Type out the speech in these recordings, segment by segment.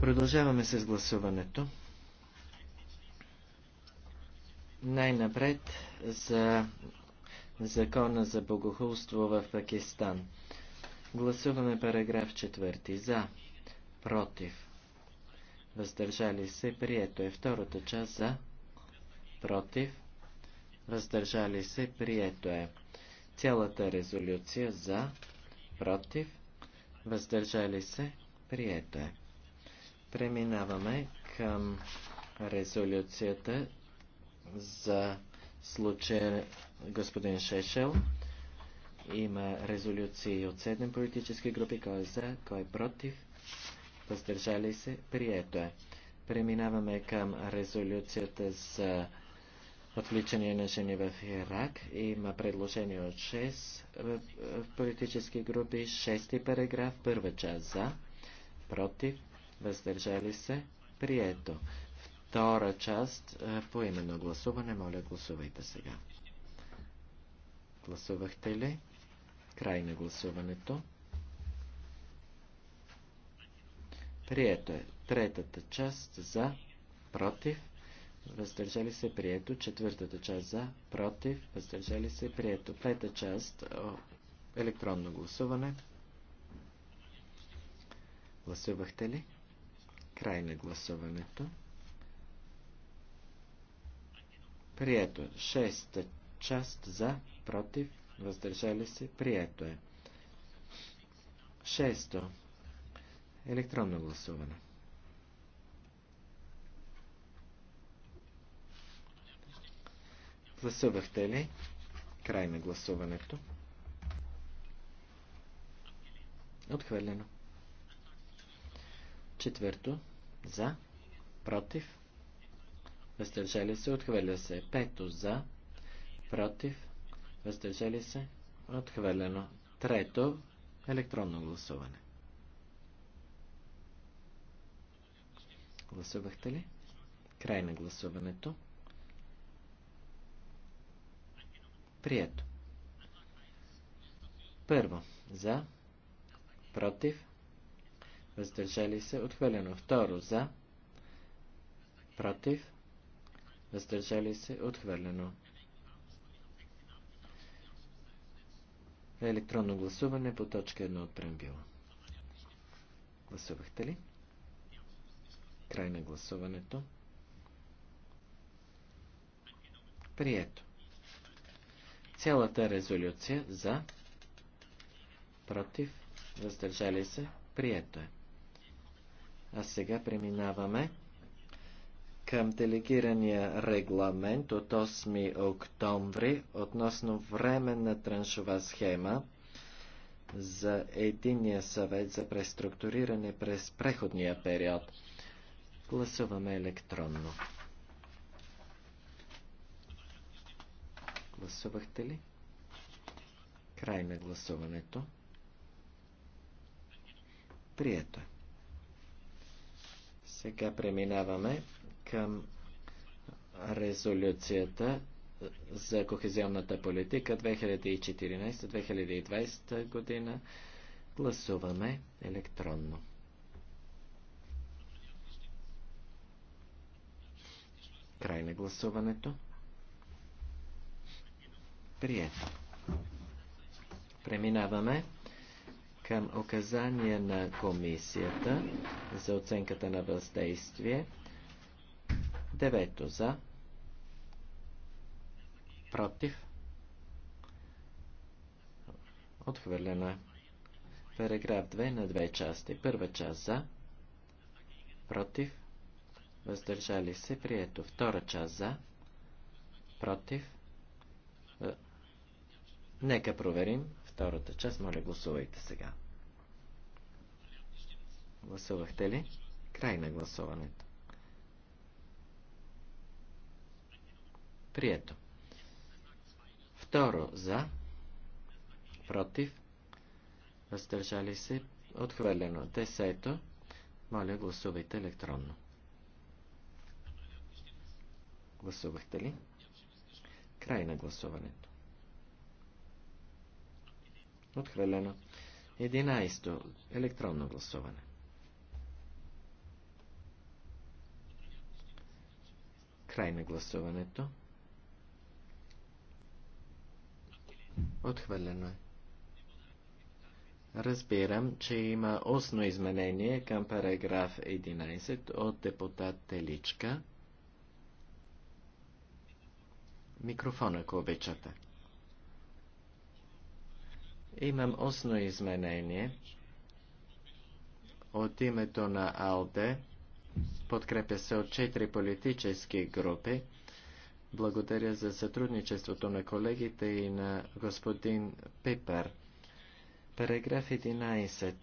Продължаваме с гласуването. Най-напред за закона за богохулство в Пакистан. Гласуваме параграф 4. За. Против. Въздържали се. Прието е втората част за. Против. Въздържали се. Прието е. Цялата резолюция за. Против въздържали се, прието е. Преминаваме към резолюцията за случая господин Шешел. Има резолюции от 7 политически групи, кой е за, кой е против, въздържали се, прието е. Преминаваме към резолюцията за отвличане на жени в Ирак. Има предложение от 6 е, е, политически групи, 6 параграф, първа част за, против, въздържали се, прието. Втора част е, по именно гласуване. Моля, гласувайте сега. Гласувахте ли? Край на гласуването. Прието е. Третата част за, против, въздържали се, прието. Четвъртата част за, против, въздържали се, прието. Пета част, електронно гласуване. Гласувахте ли? Край на гласуването. Прието. Шеста част за, против, въздържали се, прието е. Шесто. Електронно гласуване. Гласувахте ли? Край на гласуването. Отхвърлено. Четвърто. За. Против. Въздържали се. Отхвърля се. Пето. За. Против. Въздържали се. Отхвърлено. Трето. Електронно гласуване. Гласувахте ли? Край на гласуването. Прието. Първо. За. Против. Въздържали се. Отхвърлено. Второ. За. Против. Въздържали се. Отхвърлено. електронно гласуване по точка 1 от преамбила. Гласувахте ли? Край на гласуването. Прието. Цялата резолюция за, против, въздържали се, прието е. А сега преминаваме към делегирания регламент от 8 октомври относно временна траншова схема за единия съвет за преструктуриране през преходния период. Гласуваме електронно. Гласувахте ли? Край на гласуването. Прието е. Сега преминаваме към резолюцията за кохезионната политика 2014-2020 година. Гласуваме електронно. Край на гласуването прието. Преминаваме към указание на комисията за оценката на въздействие. Девето за. Против. Отхвърлена. Е. Параграф 2 на две части. Първа част за. Против. Въздържали се. Прието. Втора част за. Против. Нека проверим втората част. Моля, гласувайте сега. Гласувахте ли? Край на гласуването. Прието. Второ за, против, въздържали се, отхвърлено. Десето, моля гласувайте електронно. Гласувахте ли? Край на гласуването. Отхвърлено. 11. Електронно гласуване. Край на гласуването. Отхвърлено е. Разбирам, че има устно изменение към параграф 11 от депутат Теличка. Микрофон, ако обичате. Имам осно изменение от името на АЛДЕ. Подкрепя се от четири политически групи. Благодаря за сътрудничеството на колегите и на господин Пипер. Параграф 11.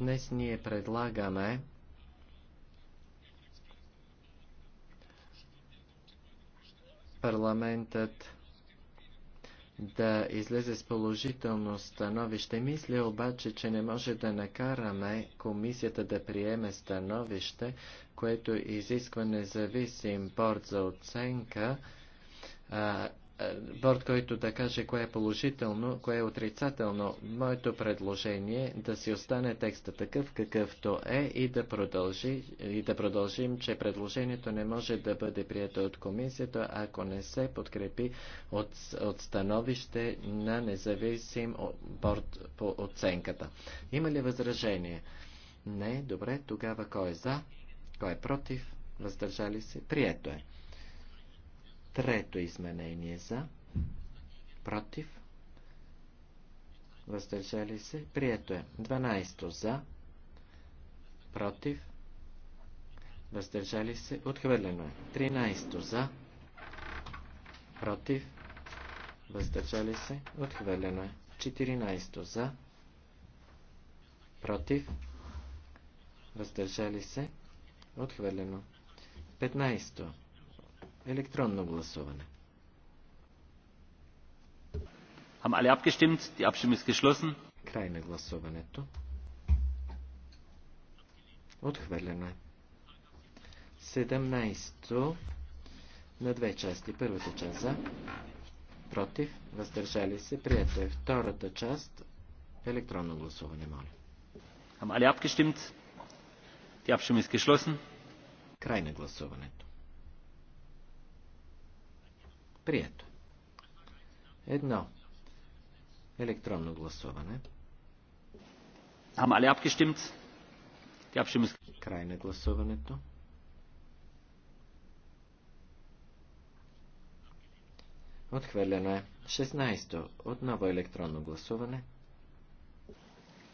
Днес ние предлагаме парламентът да излезе с положително становище. Мисля обаче, че не може да накараме комисията да приеме становище, което изисква независим порт за оценка, а, е, борт, който да каже кое е положително, кое е отрицателно. Моето предложение е да си остане текста такъв, какъвто е и да, продължи, и да продължим, че предложението не може да бъде прието от комисията, ако не се подкрепи от, от становище на независим борт по оценката. Има ли възражение? Не, добре, тогава кой е за, кой е против, въздържали се, прието е. Трето изменение за, против, въздържали се, прието е. 12 за, против, въздържали се, отхвърлено е. 13 за, против, въздържали се, отхвърлено е. 14 за, против, въздържали се, отхвърлено. 15 Електронно гласуване. Haben alle abgestimmt? Die Abstimmung ist geschlossen. Край на гласуването. Отхвърлено е. 17 на две части. Първата част за, против, въздържали се, прието е. Втората част, електронно гласуване, моля. Haben alle abgestimmt? Die Abstimmung ist geschlossen. Край на гласуването. Прието. Едно. Електронно гласуване. Haben alle штимц. Тя ще ist... Край на гласуването. Отхвърлено е. 16. то Отново електронно гласуване.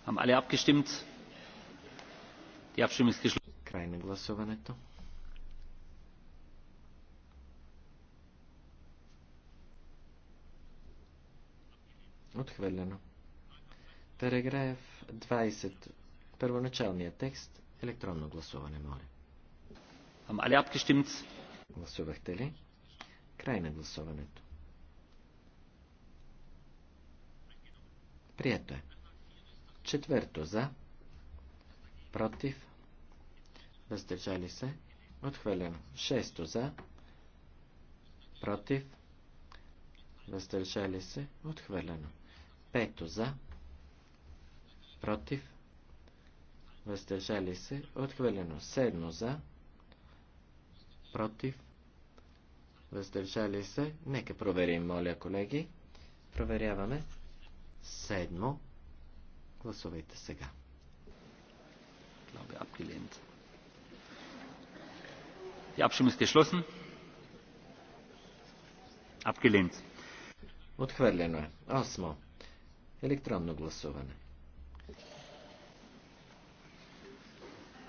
Haben alle штимц. Тя ще ist Край на гласуването. Отхвърлено. Параграф 20. Първоначалният текст. Електронно гласуване, моля. Am alle abgestimmt? Гласувахте ли? Край на гласуването. Прието е. Четвърто за. Против. Въздържали се. Отхвърлено. Шесто за. Против. Въздържали се. Отхвърлено. Пето за. Против. Въздържали се. Отхвърлено. Седмо за. Против. Въздържали се. Нека проверим, моля, колеги. Проверяваме. Седмо. Гласувайте сега. Glaube abgelehnt. Die Abstimmung ist geschlossen. Отхвърлено е. Осмо. Електронно гласуване.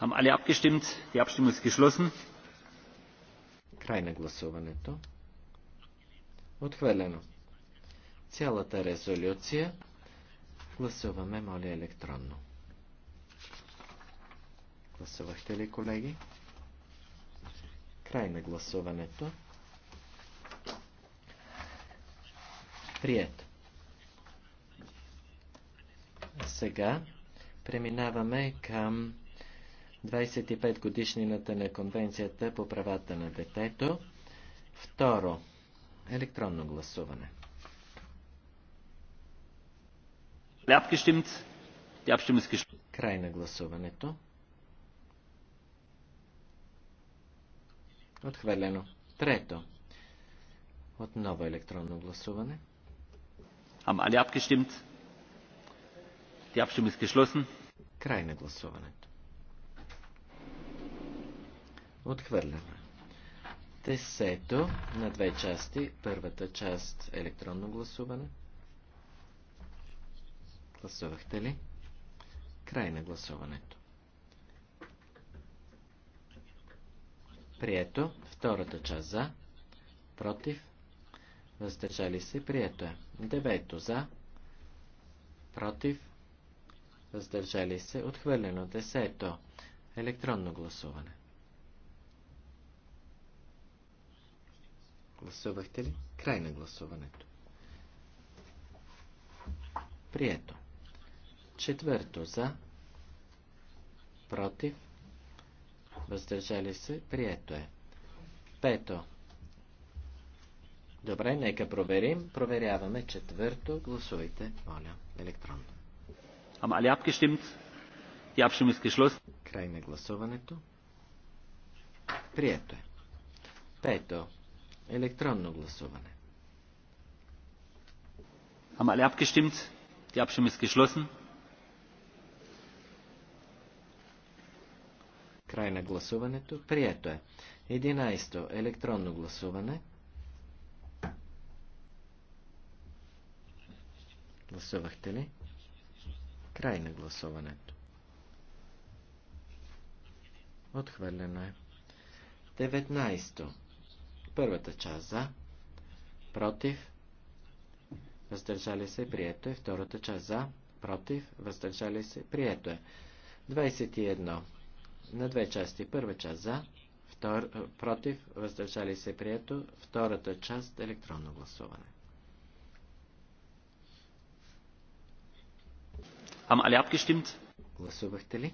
Haben alle abgestimmt? Die Abstimmung ist geschlossen. Край на гласуването. Отхвърлено. Цялата резолюция гласуваме, моля, електронно. Гласувахте ли, колеги? Край на гласуването. Прието. Сега преминаваме към 25 годишнината на Конвенцията по правата на детето. Второ, електронно гласуване. Край на гласуването. Отхвърлено. Трето. Отново електронно гласуване. Haben alle abgestimmt? Die Abstimmung ist geschlossen. Край на гласуването. Отхвърляме. Десето на две части. Първата част електронно гласуване. Гласувахте ли? Край на гласуването. Прието. Втората част за. Против. Въздържали се. Прието е. Девето за. Против въздържали се, отхвърлено. Десето, електронно гласуване. Гласувахте ли? Край на гласуването. Прието. Четвърто за. Против. Въздържали се. Прието е. Пето. Добре, нека проверим. Проверяваме четвърто. Гласувайте, моля, електронно. Край на гласуването. Прието е. Пето. Електронно гласуване. Ама alle апкештимт? Die апшим ist Край на гласуването. Прието е. 11. Електронно гласуване. Гласувахте ли? Край на гласуването. Отхвърлено е. 19. Първата част за. Против. Въздържали се. Прието е. Втората част за. Против. Въздържали се. Прието е. 21. На две части. Първа част за. Втор... Против. Въздържали се. Прието. Втората част. Електронно гласуване. Am али abgestimmt? Гласувахте ли?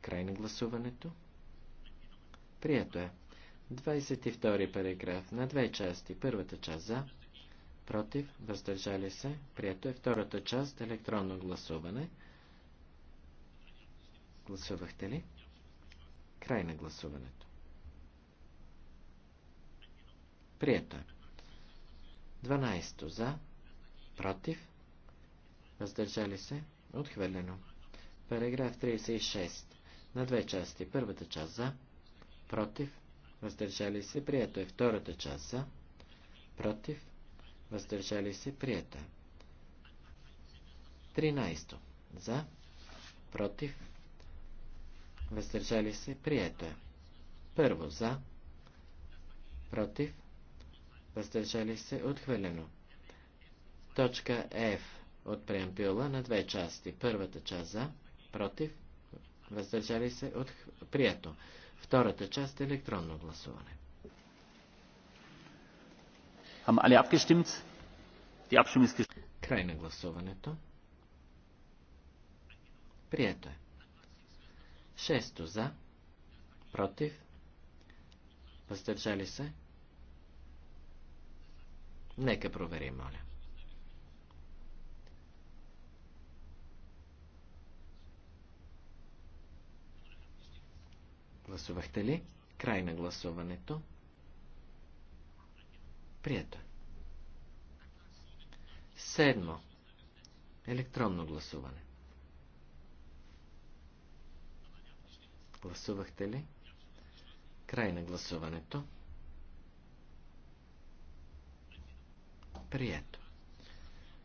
Край на гласуването. Прието е. 22 параграф на две части. Първата част за, против, въздържали се, прието е. Втората част електронно гласуване. Гласувахте ли? Край на гласуването. Прието е. 12 за, против, Въздържали се? Отхвърлено. Параграф 36. На две части. Първата част за. Против. Въздържали се? Прието е. Втората част за. Против. Въздържали се? Прието е. 13. За. Против. Въздържали се? Прието е. Първо за. Против. Въздържали се? Отхвърлено. Точка F от преамбюла на две части. Първата част за, против, въздържали се от прието. Втората част е електронно гласуване. Край на гласуването. Прието е. Шесто за, против, въздържали се. Нека проверим, моля. Гласувахте ли? Край на гласуването. Прието. Е. Седмо. Електронно гласуване. Гласувахте ли? Край на гласуването. Прието.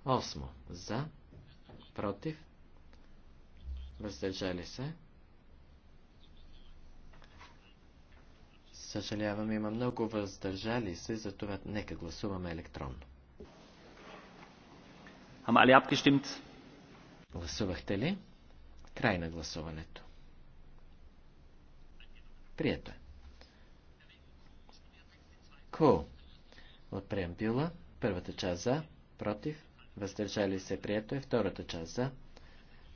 Осмо. За. Против. Въздържали се. Съжалявам, има много въздържали се, затова нека гласуваме електронно. Haben alle abgestimmt? Гласувахте ли? Край на гласуването. Прието е. Ку. От преамбюла, първата част за, против, въздържали се, прието е, втората част за,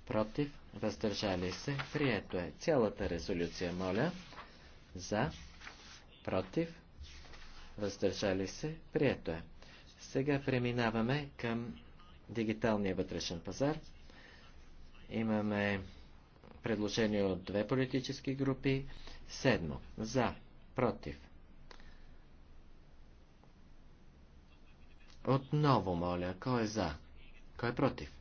против, въздържали се, прието е. Цялата резолюция, моля, за, против, въздържали се, прието е. Сега преминаваме към дигиталния вътрешен пазар. Имаме предложение от две политически групи. Седмо. За. Против. Отново моля, кой е за? Кой е против?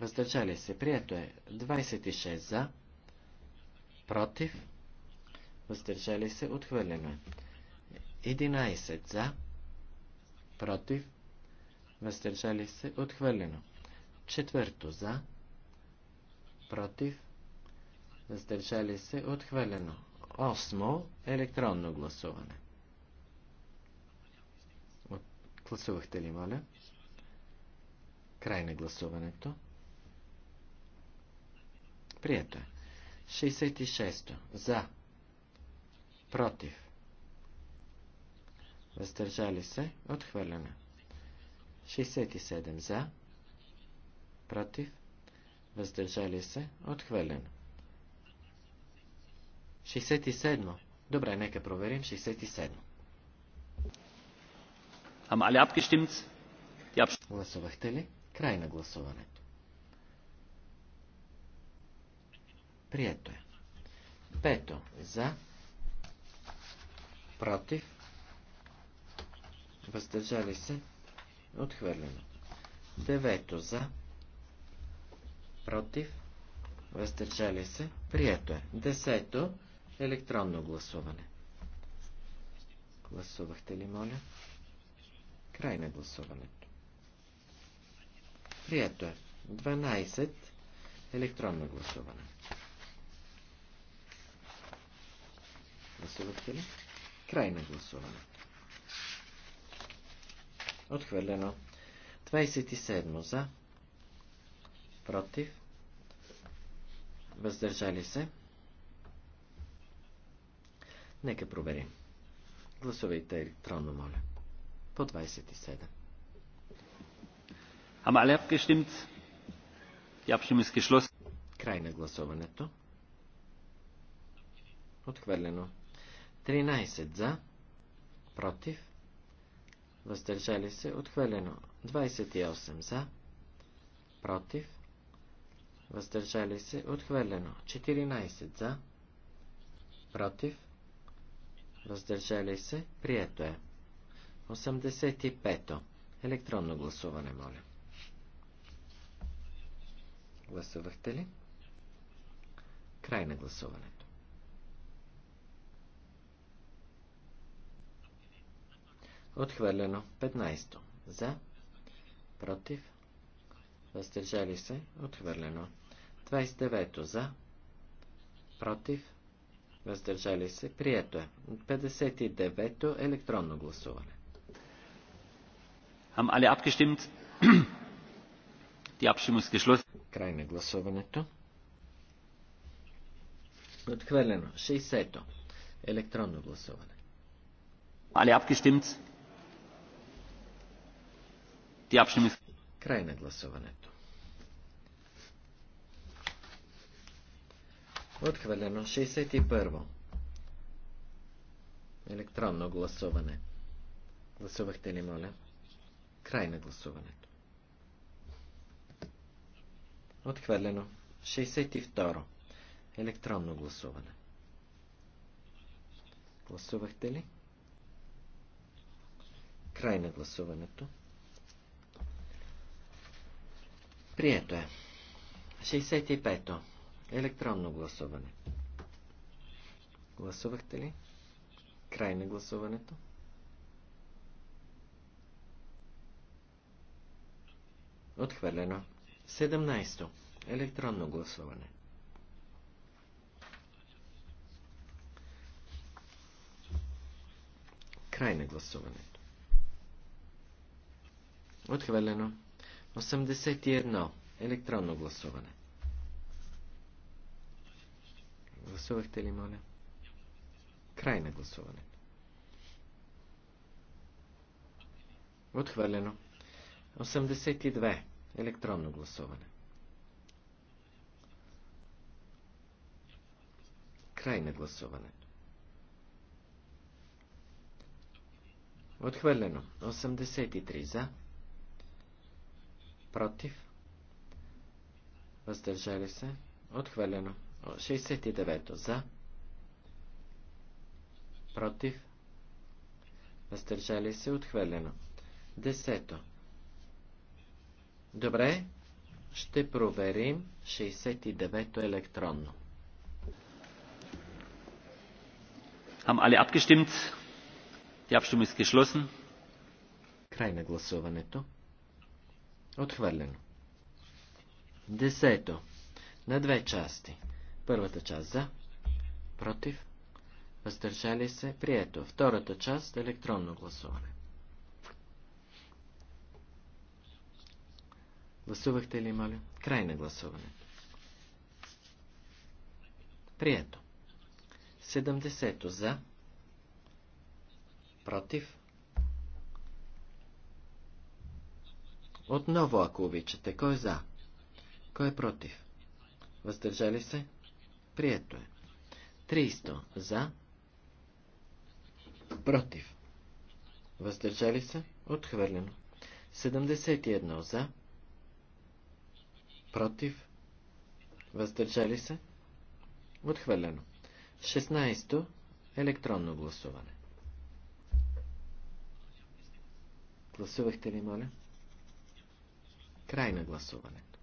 Въздържали се. Прието е. 26 за. Против въздържали се, отхвърлено е. 11 за, против, въздържали се, отхвърлено. Четвърто за, против, въздържали се, отхвърлено. Осмо, електронно гласуване. От... Гласувахте ли, моля? Край на гласуването. Прието е. 66. За против, въздържали се, отхвърлено. 67 за, против, въздържали се, отхвърлено. 67. Добре, нека проверим 67. Ама alle штимц? Die Гласувахте ли? Край на гласуването. Прието е. Пето. За против, въздържали се, отхвърлено. Девето за, против, въздържали се, прието е. Десето, електронно гласуване. Гласувахте ли, моля? Край на гласуването. Прието е. 12. Електронно гласуване. Гласувахте ли? Край на гласуване. Отхвърлено. 27 за. Против. Въздържали се. Нека проверим. Гласувайте електронно, моля. По 27. Ама alle abgestimmt? Die Abstimmung Край на гласуването. Отхвърлено. 13 за, против, въздържали се, отхвърлено. 28 за, против, въздържали се, отхвърлено. 14 за, против, въздържали се, прието е. 85. Електронно гласуване, моля. Гласувахте ли? Край на гласуването. Отхвърлено. 15. За. Против. Въздържали се. Отхвърлено. 29. За. Против. Въздържали се. Прието е. 59. Електронно гласуване. Haben alle abgestimmt? Die Abstimmung ist geschlossen. Край на гласуването. Отхвърлено. 60. Електронно гласуване. Alle abgestimmt? Край на гласуването. Отхвърлено 61. Електронно гласуване. Гласувахте ли, моля? Край на гласуването. Отхвърлено 62. Електронно гласуване. Гласувахте ли? Край на гласуването. Прието е. 65-то. Електронно гласуване. Гласувахте ли? Край на гласуването. Отхвърлено. 17. Електронно гласуване. Край на гласуването. Отхвърлено. 81. Електронно гласуване. Гласувахте ли, моля? Край на гласуване. Отхвърлено. 82. Електронно гласуване. Край на гласуване. Отхвърлено. 83 за против, въздържали се, отхвърлено. 69 то за, против, въздържали се, отхвърлено. 10 Добре, ще проверим 69-то електронно. Haben alle abgestimmt? Die Abstimmung ist geschlossen. Край на гласуването. Отхвърлено. Десето. На две части. Първата част за. Против. Въздържали се. Прието. Втората част. Електронно гласуване. Гласувахте ли, моля? Край на гласуване. Прието. 70 за. Против. Отново, ако обичате, кой е за? Кой е против? Въздържали се? Прието е. 300 за. Против. Въздържали се? Отхвърлено. 71 за. Против. Въздържали се? Отхвърлено. 16. Електронно гласуване. Гласувахте ли, моля? Край на гласуването.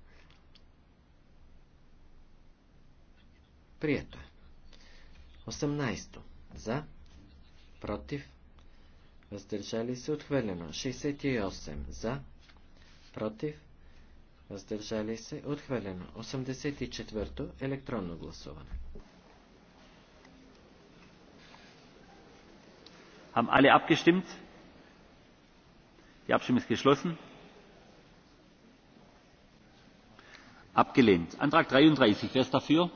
Прието е. 18. За. Против. Въздържали се. Отхвърлено. 68. За. Против. Въздържали се. Отхвърлено. 84. Електронно гласуване. Haben alle abgestimmt? Die Abstimmung ist geschlossen. Abgelehnt. Antrag 33. Wer ist dafür?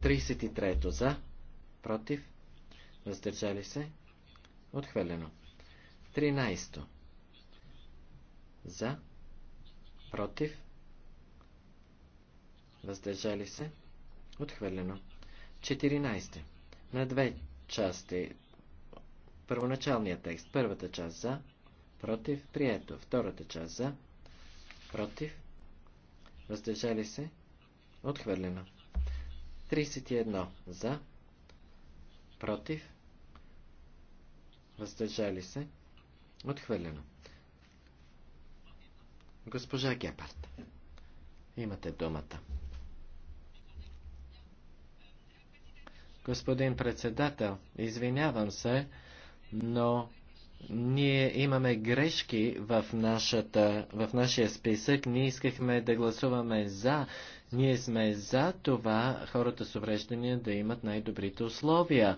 33. За. Против. Въздържали се. Отхвърлено. 13. За. Против. Въздържали се. Отхвърлено. 14. На две части. Първоначалният текст. Първата част за. Против. Прието. Втората част за. Против въздържали се, отхвърлено. 31 за, против, въздържали се, отхвърлено. Госпожа Гепард, имате думата. Господин председател, извинявам се, но ние имаме грешки в, нашата, в нашия списък. Ние искахме да гласуваме за. Ние сме за това хората с увреждания да имат най-добрите условия.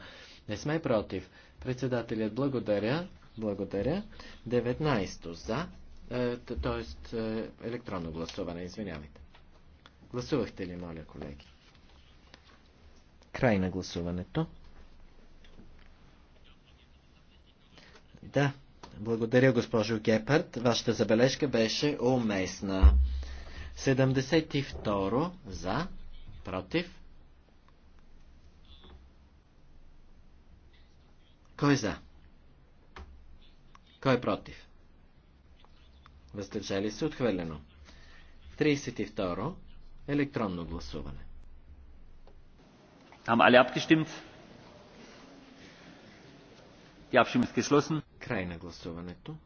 Не сме против. Председателят благодаря. Благодаря. 19 за. Е, т.е. електронно гласуване, извинявайте. Гласувахте ли, моля, колеги? Край на гласуването. Да, благодаря, госпожо Гепард. Вашата забележка беше уместна. 72 за, против. Кой за? Кой е против? Въздържали се отхвърлено. 32. Електронно гласуване. Haben али abgestimmt? Die Abstimmung ist geschlossen. Край на гласуването.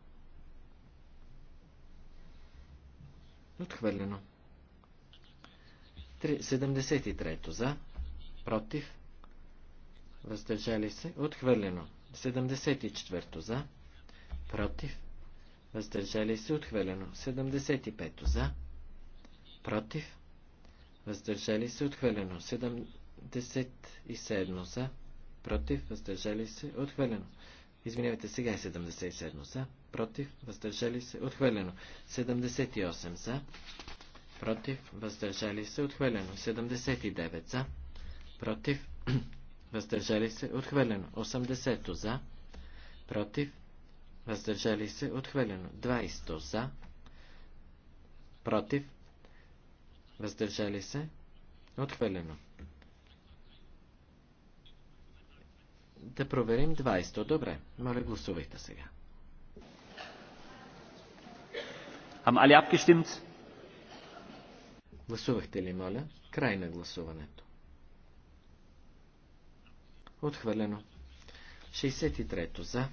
Отхвърлено. 73-то за, против, въздържали се, отхвърлено. 74-то за, против, въздържали се, отхвърлено. 75-то за, против, въздържали се, отхвърлено. 77 за, против, въздържали се, отхвърлено. Извинявайте, сега е 77 за. Против, въздържали се, отхвърлено. 78 за. Против, въздържали се, отхвърлено. 79 за. Против, въздържали се, отхвърлено. 80 за. Против, въздържали се, отхвърлено. 20 за. Против, въздържали се, отхвърлено. Да проверим 20-то. Добре. Моля, гласувайте сега. Haben alle abgestimmt? Гласувахте ли, моля? Край на гласуването. Отхвърлено. 63-то за.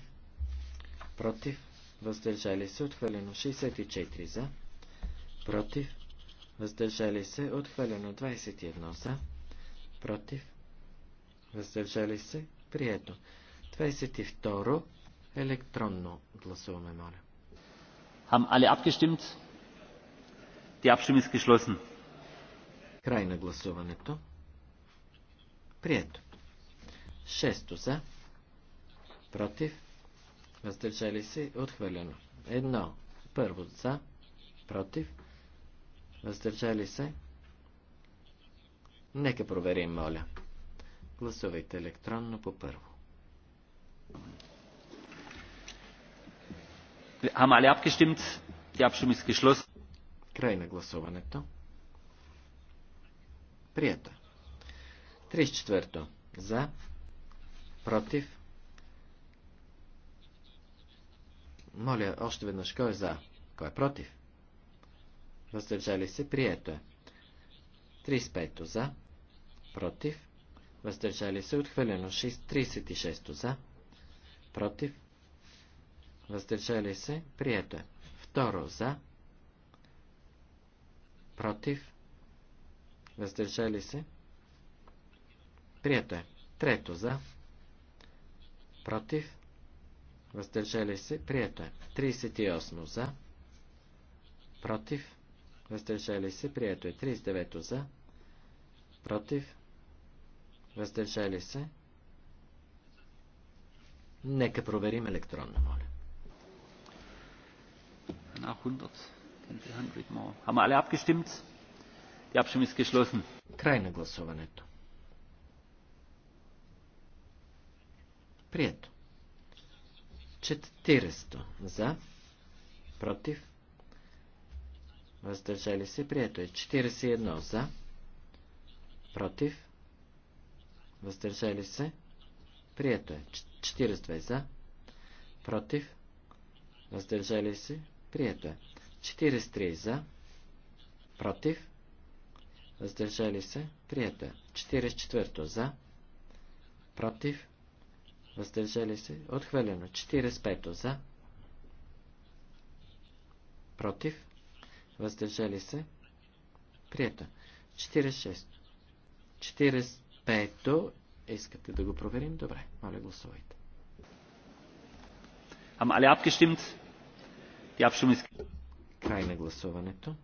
Против. Въздържали се. Отхвърлено. 64 за. Против. Въздържали се. Отхвърлено. 21 за. Против. Въздържали се. Прието. 22. Електронно гласуваме, моля. Хам али abgestimmt? Die Abstimmung ist Край на гласуването. Прието. Шесто за. Против. Въздържали се. Отхвърлено. Едно. Първо за. Против. Въздържали се. Нека проверим, моля. Гласувайте електронно по първо. Край на гласуването. Прието. 34. За. Против. Моля, още веднъж, кой е за? Кой е против? Въздържали се, прието е. 35. За. Против въздържали се, отхвърлено 6, 36 за, против, въздържали се, прието е. Второ за, против, въздържали се, прието е. Трето за, против, въздържали се, прието е. 38 за, против, въздържали се, прието е. 39 за, против, Въздържали се? Нека проверим електронно, моля. Nach 100 kennt Край на гласуването. Прието. 40 за, против, въздържали се, прието е 41 за, против, въздържали се, прието е. 42 за, против, въздържали се, прието е. 43 за, против, въздържали се, прието е. 44 за, против, въздържали се, отхвърлено. 45 за, против, въздържали се, прието. 46. 40 Пето, искате да го проверим? Добре, моля гласувайте. Ам alle abgestimmt? Ти Abstimmung Край на гласуването.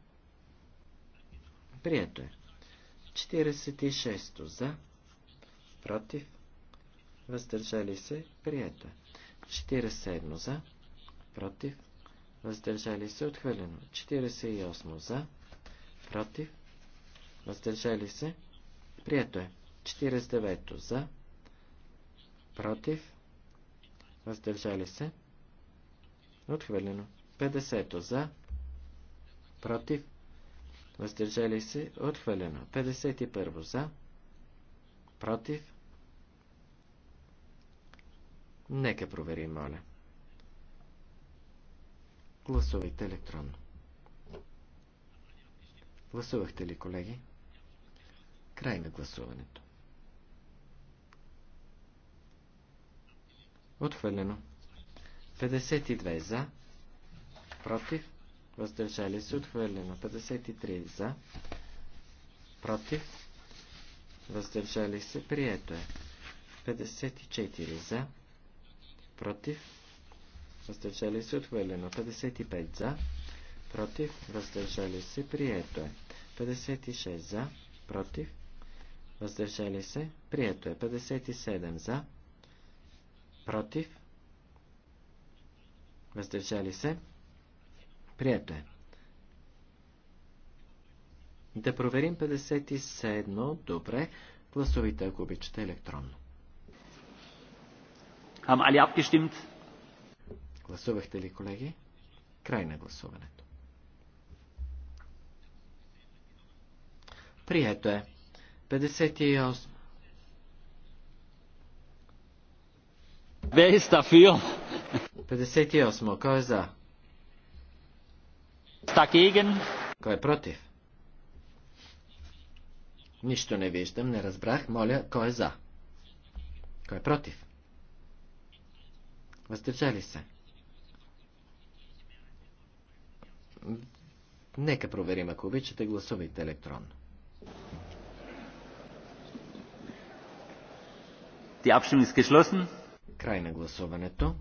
Прието е. 46 за, против, въздържали се, прието е. 47 за, против, въздържали се, отхвърлено. 48 за, против, въздържали се, прието е. 49 за, против, въздържали се, отхвърлено. 50 за, против, въздържали се, отхвърлено. 51 за, против, нека проверим, моля. Гласувайте електронно. Гласувахте ли, колеги? Край на гласуването. Отхвърлено. 52 за. Против. Въздържали се. Отхвърлено. 53 за. Против. Въздържали се. Прието е. 54 за. Против. Въздържали се. Отхвърлено. 55 за. Против. Въздържали се. Прието е. 56 за. Против. Въздържали се. Прието е. 57 за против, въздържали се, прието е. Да проверим 57. Добре. Гласувайте, ако обичате, електронно. Haben alle abgestimmt? Гласувахте ли, колеги? Край на гласуването. Прието е. 58. Wer ist dafür? 58. Кой е за? Dagegen? Кой е против? Нищо не виждам, не разбрах. Моля, кой е за? Кой е против? Въздържали се. Нека проверим, ако обичате, гласувайте електронно. Die Abstimmung ist geschlossen. Край на гласуването.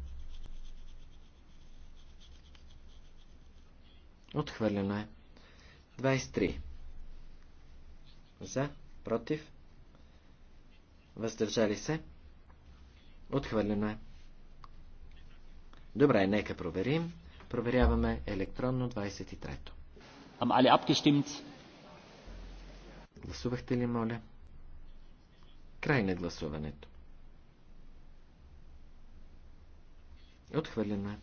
Отхвърлено е. 23. За, против, въздържали се. Отхвърлено е. Добре, нека проверим. Проверяваме електронно 23-то. Am alle abgestimmt? Гласувахте ли, моля? Край на гласуването. Отхвърлено е.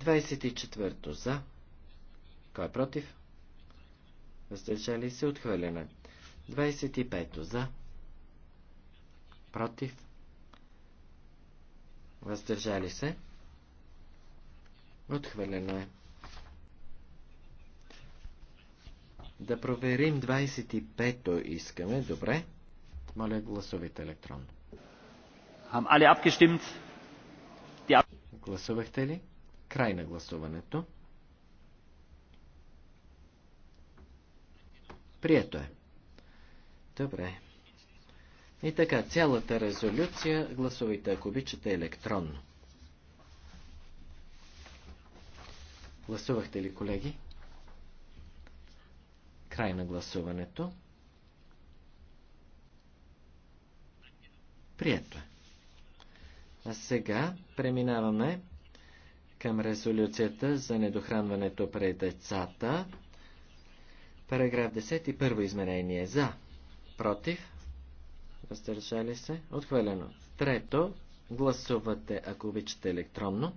24 за. Кой е против? Въздържали се. Отхвърлено е. 25 за. Против. Въздържали се. Отхвърлено е. Да проверим 25-то искаме. Добре. Моля, гласувайте електронно. Али alle abgestimmt? Die Гласувахте ли? Край на гласуването. Прието е. Добре. И така, цялата резолюция гласувайте, ако обичате, електронно. Гласувахте ли, колеги? Край на гласуването. Прието е. А сега преминаваме към резолюцията за недохранването при децата. Параграф 10. и Първо изменение. За. Против. Въздържали се. Отхвърлено. Трето. Гласувате, ако обичате, електронно.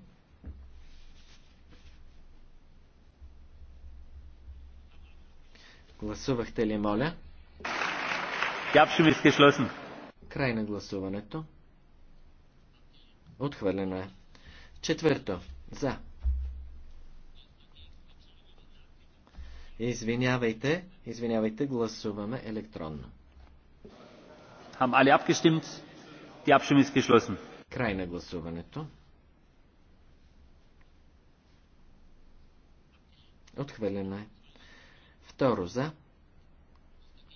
Гласувахте ли, моля? Край на гласуването. Отхвърлено е. Четвърто. За. Извинявайте, извинявайте, гласуваме електронно. Хам али abgestimmt? Die Abstimmung ist Край на гласуването. Отхвърлено е. Второ за.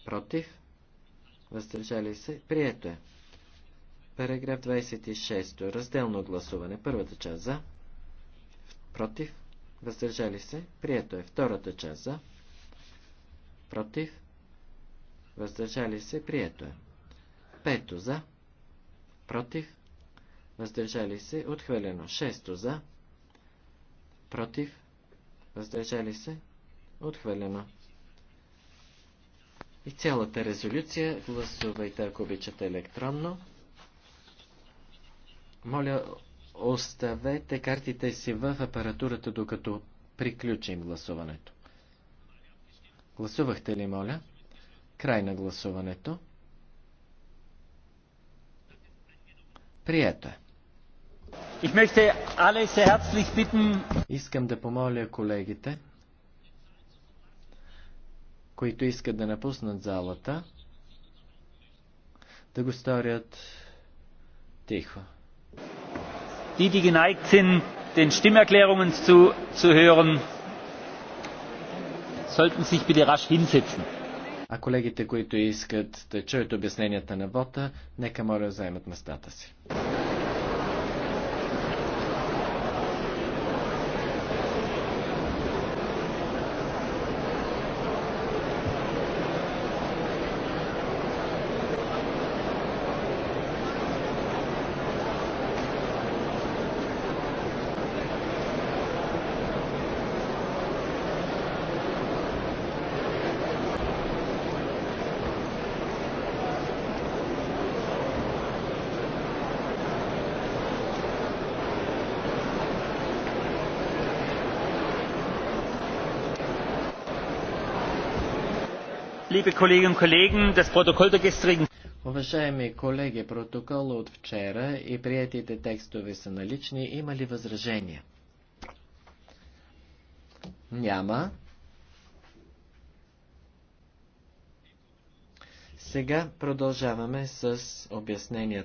Против. Въздържали се. Прието е. Параграф 26. Разделно гласуване. Първата част за. Против. Въздържали се. Прието е. Втората част за. Против. Въздържали се. Прието е. Пето за. Против. Въздържали се. Отхвърлено. Шесто за. Против. Въздържали се. Отхвърлено. И цялата резолюция гласувайте, ако обичате електронно. Моля, оставете картите си в апаратурата, докато приключим гласуването. Гласувахте ли, моля? Край на гласуването. Прието е. Искам да помоля колегите, които искат да напуснат залата, да го сторят тихо die die geneigt sind den stimmerklärungen zuzuhören sollten sich bitte rasch hinsetzen. А колегите, които искат да чуят обясненията на вота, нека моля да заемат местата си. liebe Kolleginnen und Kollegen, das Protokoll der gestrigen... Уважаеми колеги, протокол от вчера и приятите текстове са налични. Има ли възражения? Няма. Сега продължаваме с обясненията.